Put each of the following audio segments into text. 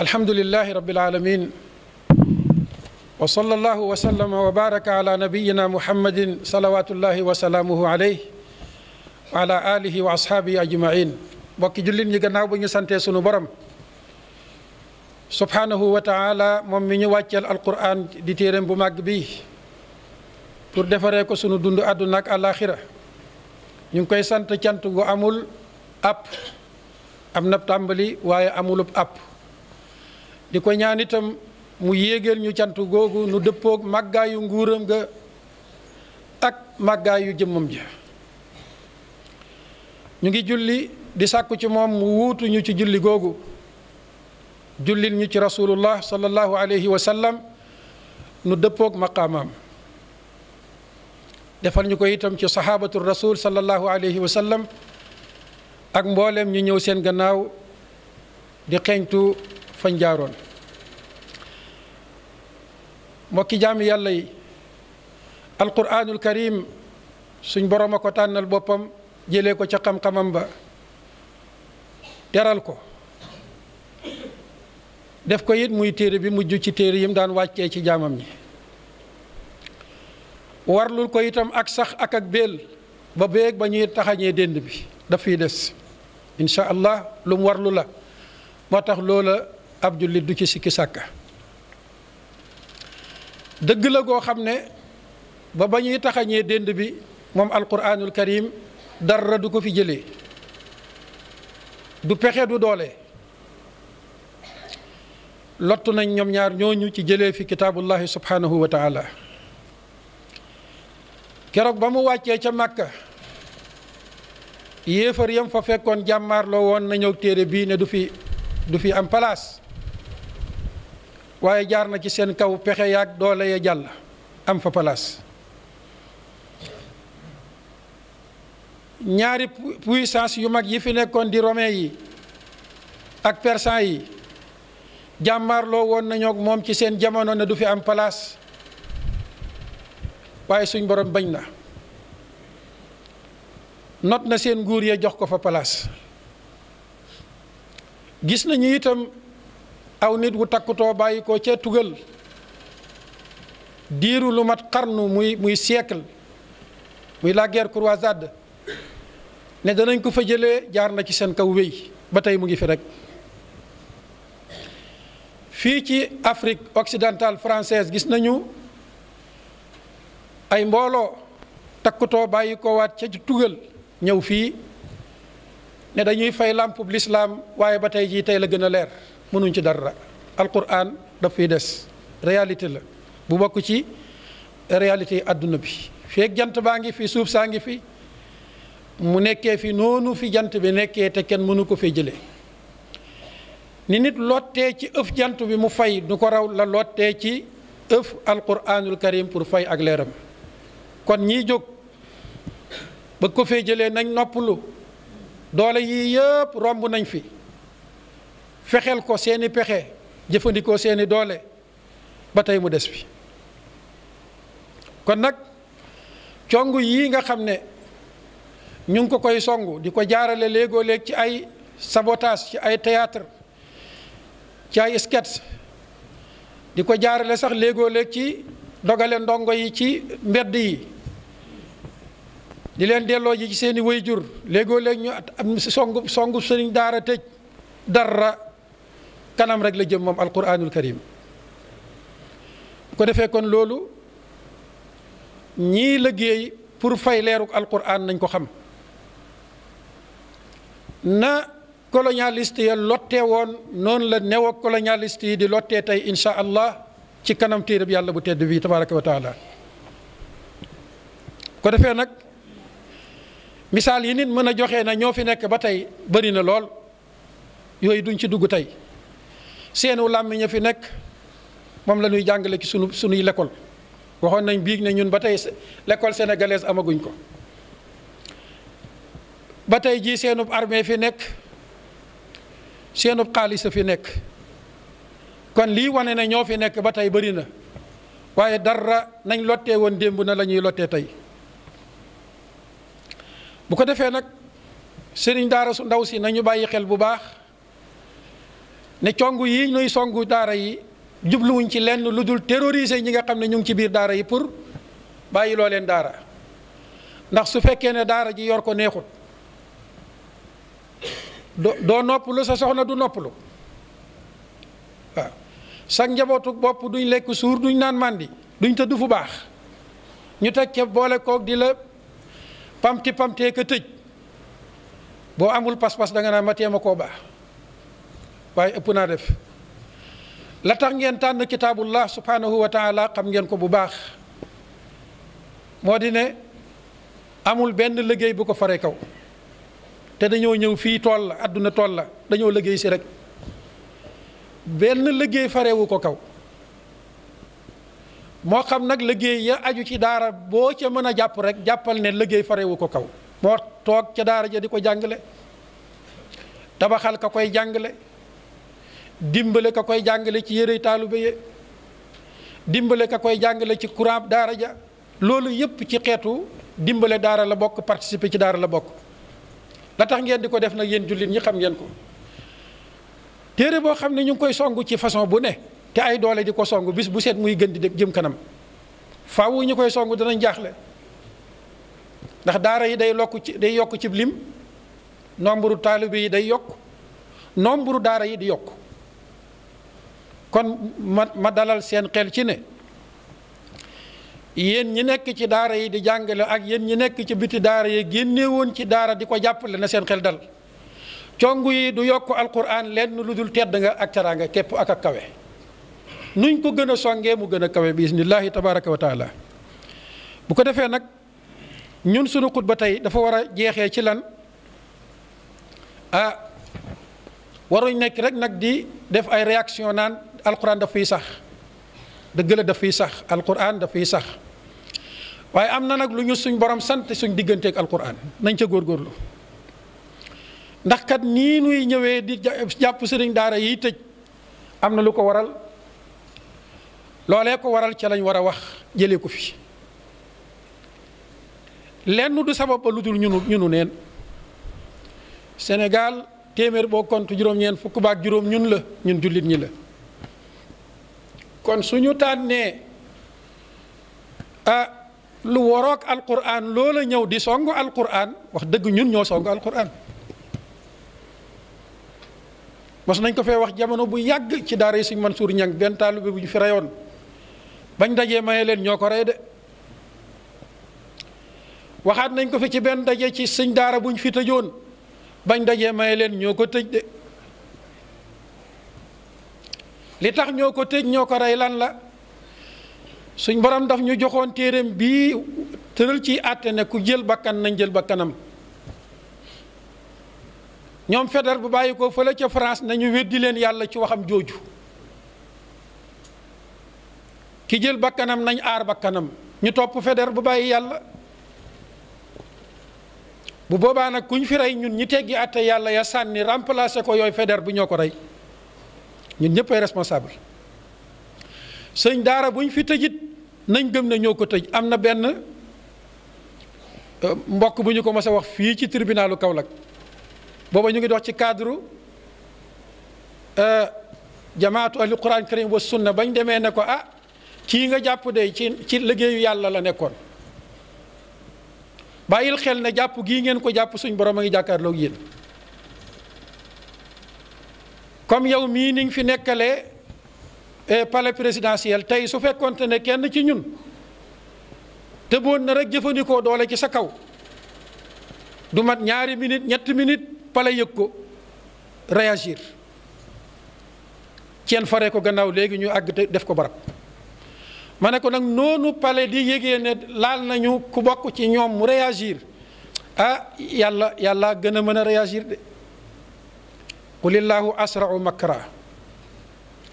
alhamdulilahi rabil aalamiin wa sallallahu wa sallama wa baraka ala nabiyina muhammadin salawatullahi wa salaamuhu wa ala wa ashaabihi ajmain mbokki jullit bu ñu santee sunu borom subhaanahu wa taala moom mi ñu wàcceel alquran di téeréem bu màgg bi pour defaree ko sunu dund àdduna ak àllaaxira ñu ngi koy sant cant amul app am na tàmbali waaye amulub app di ko ñaan itam mu yéegeel ñu cant googu nu dëppook màggaayu nguuram ga ak màggaayu jëmmam ja ñu ngi julli di sàkku ci moom mu wuutu ñu ci julli googu jullil ñu ci rasulullah sallallahu alayhi wa sallam nu dëppook maqaamaam defal ñu ko itam ci sahabatu rasul sallallahu alayhi wa sallam ak mbooleem ñu ñëw seen gannaaw di xeeñtu fañ jaaroon mbokki jaami yàlla yi alquranul karim suñ borom a ko tànnal boppam jële ko ca xam-xamam ba teral ko def ko it muy téere bi mujj ci téere yim daan wàccee ci jaamam ñi warlul ko itam ak sax ak ak béel ba beeg ba ñuy taxañee dénd bi dafay des incha allah lum mu warlu la moo tax loola ab jullit du ci sikki sàkka dëgg la goo xam ne ba ba ñuy taxañee dénd bi moom alquranul karim dara du ko fi jële du pexe du doole lottu nañ ñoom ñaar ñooñu ci jëlee fi kitaabullahi subhanahu wa taala keroog ba mu wàccee ca màkka yéefar yam fa fekkoon jàmmaarloo woon na téere bii ne du fi du fi am palaas waaye jaar na ci seen kaw pexe yaag doole ya jàll am fa palaas ñaari puissance yu mag yi fi nekkoon di romain yi ak persan yi jàmmaarloo woon nañoo moom ci seen jamono ne du fi am palaas waaye suñ borom bañ na not na seen nguur ya jox ko fa palaas gis nañu itam aw nit wu takkutoo bàyyikoo ko tugal diiru lu mat xarnu muy muy siècle muy la guerre croisade ne danañ ko fa jëlee jaar na ci seen kaw wéy ba tey mu ngi fi rek fii ci Afrique occidentale française gis nañu ay mbooloo takkutoo bàyyi ko waat ca tugal ñëw fii ne dañuy fay làmpub lislaam waaye ba tey jii tey la gën a leer mënuñ ci dara alquran daf fiy des réalité la bu bokk ci réalité yi àdduna bi feeg jant baa ngi fi suuf saa ngi fi mu nekkee fi noonu fi jant bi nekkee te kenn mënu ko fee jële ni nit lootee ci ëf jant bi mu fay du ko raw la lottee ci ëf alquranul karim pour fay ak leeram kon ñii jóg ba ko fee jëlee nañ noppalu doole yii yëpp romb nañ fi fexeel ko seeni pexe jëfandikoo seeni doole ba tey mu des fi kon nag congu yii nga xam ne ñu ngi ko koy songu di ko jaarale léegoo léeg ci ay sabotage ci ay théâtre ci ay sketch di ko jaarale sax léegoo léeg ci dogale ndongo yi ci mbedd yi di leen delloo ji ci seeni jur léegoo léeg ñu am songu songu sëriñ daara tëj dara kanam rek la jëm moom alquranul karim bu ko defee kon loolu ñii liggéey pour fay leeruk alquran nañ ko xam na colonialiste ya lottee woon noonu la newo colonialiste yi di lottee tey insha allah ci kanam téereb yàlla bu tedd bi tabaraka wa taala ko defee nag misaal yi nit mën a joxe na ñoo fi nekk ba tey bëri na lool yooyu duñ ci dugg tey seenu làmmiñ a fi nekk moom la ñuy jàngale ci sunu sunuy lekkool waxoon nañ biig ne ñun ba tey lekkool sénégalaise amaguñ ko ba tey jii seenub armée fi nekk seenub xaalis a fi nekk kon lii wane na ñoo fi nekk ba tey bëri na waaye dara nañ lottee woon démb na lañuy lottee tey bu ko defee nag sëriñ daara su ndaw si nañu bàyyi xel bu baax ne congu yi ñuy songu daara yi jubluwuñ ci lenn lu dul terroriser ñi nga xam ne ñu ngi ci biir daara yi pour bàyyi loo leen daara ndax su fekkee ne daara ji yor ko neexut doo doo noppalu sa soxna du noppalu waaw sa njabootu bopp duñ lekk suur duñ naan màndi duñ tëdd fu baax ñu teg ca boole koog di la pamti pamtee ka tëj boo amul pas-pas da nga naan ma koo baax waaye ëpp naa def la tax ngeen tànn kitaabullah subhaanahu wa taala xam ngeen ko bu baax moo di ne amul benn liggéey bu ko faree kaw te dañoo ñëw fii tool la àdduna tool la dañoo liggéey si rek benn liggéey farewu ko kaw moo xam nag liggéey ya aju ci daara boo ca mën a jàpp rek jàppal ne liggéey farewu ko kaw moo toog ca daara ja di ko jàngale tabaxal ka koy jàngale dimbale ka koy jàngale ci yére taaluba ye dimbale ka koy jàngale ci courant daara ja loolu yépp ci xeetu dimbale daara la bokk participer ci daara la bokk la tax ngeen di ko def nag yéen jullit ñi xam ngeen ko téere boo xam ne ñu ngi koy songu ci façon bu ne te ay doole di ko songu bis bu seet muy gën di jëm kanam faaw ñu koy songu danañ jaaxle ndax daara yi day lokk ci day yokk ci lim nombre taalibe yi day yokk nombre daara yi di yokk kon ma ma dalal seen xel ci ne yéen ñi nekk ci daara yi di jàngale ak yéen ñi nekk ci biti daara yi génne woon ci daara di ko jàppale na seen xel dal congu yi du yokk alquran lenn lu dul tedd nga ak teraanga kepp ak ak kawe nuñ ko gën a songee mu gën a kawe bi isnillahi tabaraka wa taala bu ko defee nag ñun sunu ba tey dafa war a jeexee ci lan ah waruñ nekk rek nag di def ay réaction naan alquran daf fiy sax da la daf fiy sax alquran daf fiy sax waaye am na nag lu ñu suñ borom sant suñ digganteeg alquran nañ ca góorgóorlu ndax kat nii nuy ñëwee di jàpp sëriñ daara yiy tëj am na lu ko waral loolee ko waral ca lañ war a wax jëlee ko fi lenn du sabab ba lu dul ñunu ñunu neen Sénégal téeméer boo compte juróom-ñeent fukk baak juróom ñun la ñun jullit ñi la kon suñu tànnee ah lu waroog alquran loola ñëw di songu alquran wax dëgg ñun ñoo songu alquran mos nañ ko fee wax jamono bu yàgg ci daara yi Sëñ Mansuur Ñang benn taalibe bu ñu fi reyoon bañ dajee maye leen ñoo ko rey de waxaat nañ ko fi ci benn daje ci sëñ daara buñ ñu fi tëjoon bañ dajee maye leen ñoo ko tëj de li tax ñoo ko tëj ñoo ko rey lan la suñ borom daf ñu joxoon téereem bii tëral ci àtte ne ku jël bakkan nañ jël bakkanam ñoom feder bu bàyyi ko fële ca France nañu weddi leen yàlla ci waxam jooju ki jël bakkanam nañ aar bakkanam ñu topp feder bu bàyyi yàlla bu boobaa nag kuñ fi rey ñun ñi teggi àtte yàlla ya sànni remplacer ko yooyu feder bu ñoo ko rey ñun ñëpp ay responsable sëñ daara buñ ñu fi tëjit nañ gëm ne ñoo ko tëj am na benn euh, mbokk bu ñu ko mës wax fii ci tribunalu Kaolack booba ñu ngi dox ci cadre euh, jamaatu ahli quran karim wa sunna bañ demee ne ko ah kii nga jàpp de ci ci liggéeyu yàlla la nekkoon bàyyil xel ne jàpp gii ngeen ko jàpp suñ borom a ngi jàkkaarloog yéen comme yow mii ni nga fi nekkalee eh, pale présidentiel tey su fekkonte ne kenn ci ñun te boon na rek jëfandikoo doole ci sa kaw du mat ñaari minute ñetti minute palais yëg ko réagir ceen fare ko gannaaw léegi ñu àgg def ko barab ma ne ko nag noonu palais di yégee ne laal nañu ku bokk ci ñoom mu réagir a ah, yàlla yàlla gën a mën a réagir qulillaahu asrau makra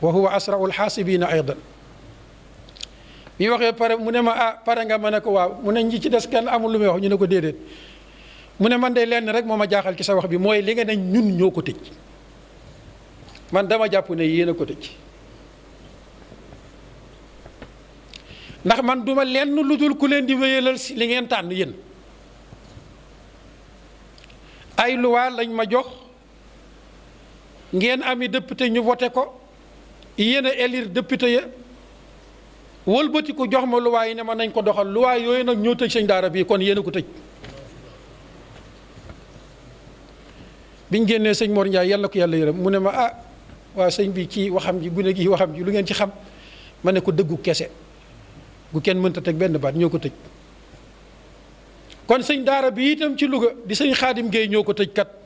wa huwa asrau alxaasibiina aydan mi waxee pare mu ne ma ah pare nga ma ne ko waaw mu ne ñi ci des kenn amul lu muy wax ñu ne ko déedéet mu ne man de lenn rek moo ma jaaxal ci sa wax bi mooy li nga ne ñun ñoo ko tëj man dama jàpp ne yéen a ko tëj ndax man duma lenn lu dul ku leen di wéyalal si li ngeen tànn yéen ay luwaa lañ ma jox ngeen ami député ñu voté ko yéen a élire député ya wëlbati ko jox ma luwaay yi ne ma nañ ko doxal luwaay yooyu nag ñoo tëj sëñ daara bii kon yéen ko tëj biñ génnee sëñ Mor Ndiaye yàlla ko yàlla yërëm mu ne ma ah waa sëñ bi ci waxam ji gune gi waxam ji lu ngeen ci xam ma ne ko dëggu kese gu kenn mënta teg benn baat ñoo ko tëj kon sëñ daara bi itam ci Louga di sëñ Xaadim Gueye ñoo ko tëj kat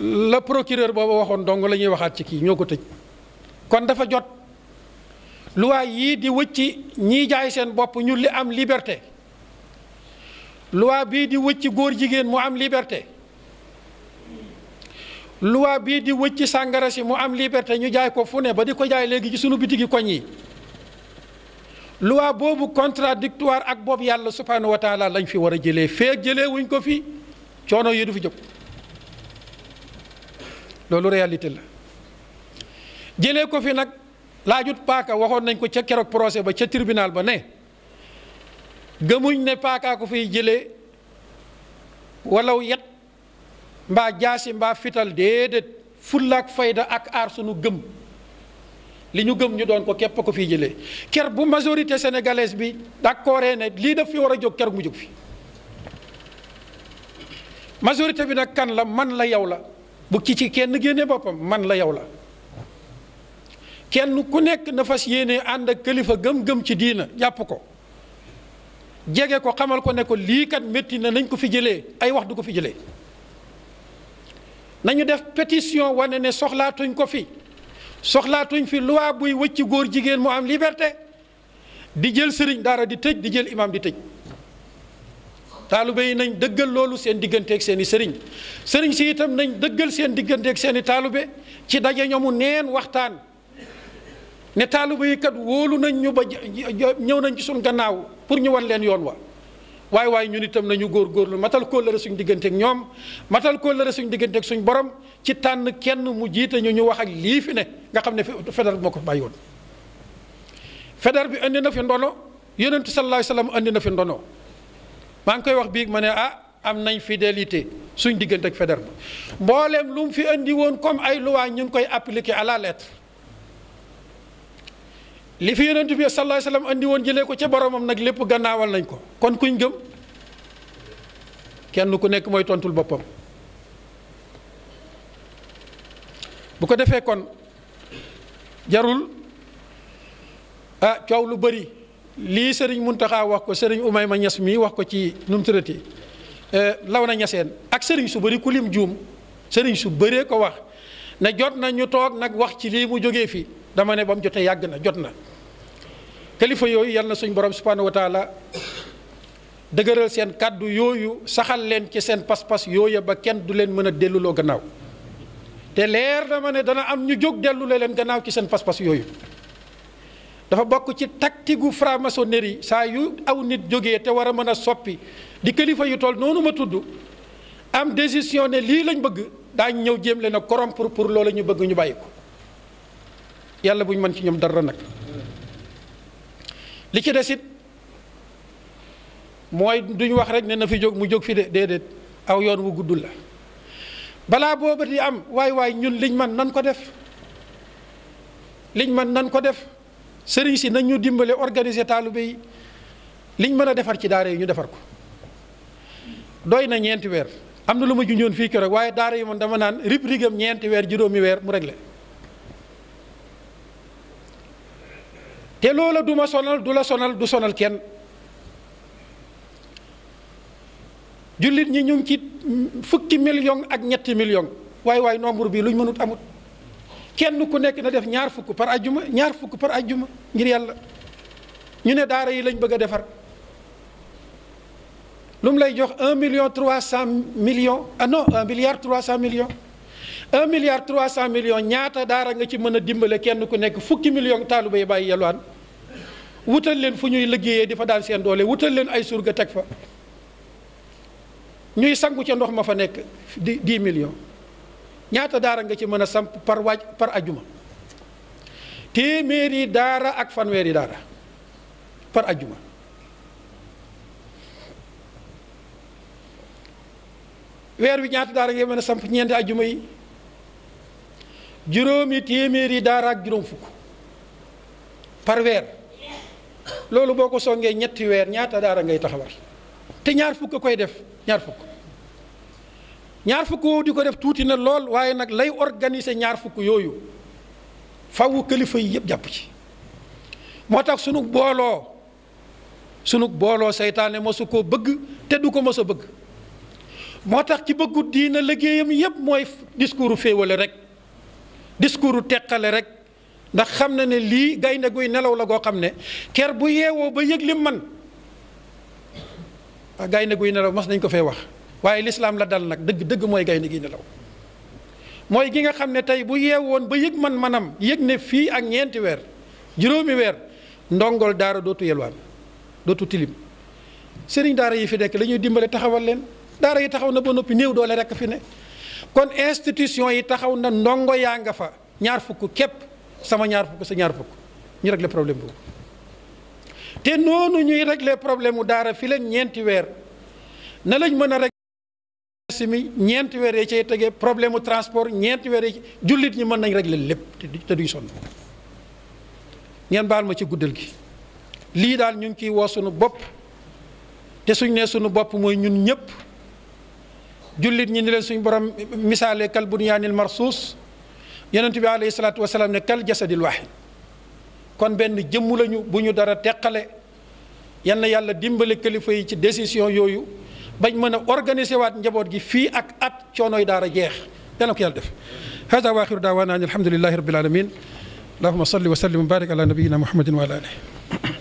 la procureur booba waxoon dong lañuy waxaat ci kii ñoo ko tëj kon dafa jot luwaay yii di wëcci ñiy jaay seen bopp ñu li am liberté luwaa bii di wëcci góor jigéen mu am liberté luwaa bii di wëcci sàngara si mu am liberté ñu jaay ko fu ne ba di ko jaay léegi ci sunu bitigi koñ yi luwaa boobu contradictoire ak boobu yàlla subhanahu wa taala lañ fi war a jëlee feeg jëlee ko fi coono yi du fi jóg loolu réalité la jële ko fi nag laajut paaka waxoon nañ ko ca keroog procès ba ca tirbinaal ba ne gëmuñ ne paakaa ko fiy jëlee walaw yet mbaa jaasi mbaa fital déedéet fullaak fayda ak aar sunu gëm li ñu gëm ñu doon ko képp ko fiy jële ker bu majorité sénégalaise bi d'accord ne lii daf fi war a jóg ker mu jóg fi majorité bi nag kan la man la yow la bu ki ci kenn génne boppam man la yow la kenn ku nekk na fas yéene ànd ak kilifa gëm-gëm ci diina jàpp ko jege ko xamal ko ne ko lii kat métti na nañ ko fi jëlee ay wax du ko fi jële nañu def pétition wane ne soxlaatuñ ko fi soxlaatuñ fi loi buy wëcc góor jigéen mu am liberté di jël sëriñ daara di tëj di jël imam di tëj taalibe yi nañ dëggal loolu seen digganteeg seen i sëriñ sëriñ si itam nañ dëggal seen digganteeg seen i taalibe ci daje ñoomu neen waxtaan ne taalibe yi kat wóolu nañ ñu ba ñëw nañ ci suñ gannaaw pour ñu wan leen yoon wa waaye waaye ñun itam nañu góorgóorlu matal kóllëre suñ digganteeg ñoom matal kóllëre suñ digganteeg suñ borom ci tànn kenn mu jiite ñu ñu wax ak lii fi ne nga xam ne fedar bi moo ko bàyyi woon fedar bi indi na fi ndono yonentu sallallahu alayhi wa sallam indi na fi ndono maa ngi koy wax biig ma ne ah am nañ fidélité suñ diggante ak Faidherbe mboolem lu mu fi andi comme ay loi ñu ngi koy appliquer à lettre li fi yonent bi sallallahu sa wa sallam woon jëlee ko ca boromam nag lépp gannaawal nañ ko kon kuñ gëm kenn ku nekk mooy tontul boppam bu ko defee kon jarul ah coow lu bari lii sëriñ Muntaxa wax ko sëriñ ma Ñas mii wax ko ci nu mu tërati eh, law na ñaseen ak sëriñ su bari ku lim juum sëriñ su bëree ko wax ne jot na ñu toog nag wax ci lii mu jógee fii dama ne ba mu jotee yàgg na jot na kilifa yooyu yal na suñ borom subhanahu wa taala dëgëral seen kàddu yooyu saxal leen ci seen pas-pas yooya ba kenn du leen mën a delluloo gannaaw te leer dama ne dana am ñu jóg dellule leen gannaaw ci seen pas-pas yooyu dafa bokk ci tactique gu franc saa yu aw nit jógee te war a mën a soppi di kilifa yu tool noonu ma tudd am décision ne lii lañ bëgg daañ ñëw jéem na a corrompre pour loola ñu bëgg ñu bàyyi ko yàlla bu ñu mën ci ñoom dara nag li ci des it mooy duñu wax rek ne na fi jóg mu jóg fi de déedéet aw yoon wu gudd la balaa booba di am waay waay ñun liñ man nan ko def liñ man nan ko def sëriñ si nañ ñu dimbale organiser taalibe yi liñ mën a defar ci daara yi ñu defar ko doy na ñeenti weer am na lu ma junjoon fii keroog waaye daara yi man dama naan rib rigam ñeenti weer juróomi weer mu réglé te loola duma sonal du la sonal du sonal kenn jullit ñi ñu ngi ci fukki million ak ñetti million waaye waaye nombre bii luñ mënut amut kenn ku nekk na def ñaar fukk par ajjuma ñaar fukk par ajjuma ngir yàlla ñu ne daara yi lañ bëgg a defar lu mu lay jox un million trois cent million ah non un milliard trois cent million un milliard trois cent millions ñaata daara nga ci mën a dimbale kenn ku nekk fukki million taaliba yi bàyyi yalwaan wutal leen fu ñuy liggéeyee di fa daan seen doole wutal leen ay ga teg fa ñuy sangu ca ndox ma fa nekk di dix million ñaata daara nga ci mën a samp par waaj par ajuma téeméeri daara ak fanweeri daara par ajuma weer wi ñaata daara nga mën a samp ñeenti ajuma yi juróomi yi daara ak juróom fukk par weer loolu boo ko songee ñetti weer ñaata daara ngay taxawal te ñaar fukk koy def ñaar fukk ñaar fukk woowu di ko def tuuti na lool waaye nag lay organiser ñaar fukk yooyu fawu kilifa yi yëpp jàpp ci moo tax sunu booloo sunu booloo seytaane mosu koo bëgg te du ko mos a bëgg moo tax ci bëggu diina liggéeyam yépp mooy discours féewale rek discours teqale rek ndax xam na ne lii gaynde guy nelaw la goo xam ne ker bu yeewoo ba yëg lim man ah gaynde guy nelaw mas nañ ko fee wax waaye lislaam la dal nag dëgg dëgg mooy gaynde gi nelaw mooy gi nga xam ne tey bu yeewoon ba yëg man manam yëg ne fii ak ñeenti weer juróomi weer ndongol daara dootu yelwaan dootu tilim sëriñ daara yi fi nekk la ñuy dimbale taxawal leen daara yi taxaw na ba noppi néew doole rekk fi ne kon institution yi taxaw na ndongo yaa nga fa ñaar fukk képp sama ñaar fukk sa ñaar fukk ñu régler problème boobu te noonu ñuy régler problème mu daara fi leen ñeenti weer na mën si mi ñeenti weer problème mu transport ñeenti weer yi jullit ñi mën nañ rek régler lépp te duy sonn ngeen baal ma ci guddal gi lii daal ñu ngi ciy woo sunu bopp te suñ ne sunu bopp mooy ñun ñëpp jullit ñi ni leen suñ borom misaale kal bunyaanil marsuus yonent bi alayhi salaatu ne kal jasadil waahid kon benn jëmm lañu bu ñu dara teqale yann yàlla dimbale kilifa yi ci décision yooyu bañ mën a organiser waat njaboot gi fii ak at coonooy daara jeex yàlla na ko yàlla def hada wa axiru daawaana an alhamdulilahi rabbil alamin allahuma salli wa sallim wa barik ala nabiyina muhammadin wa ala alihi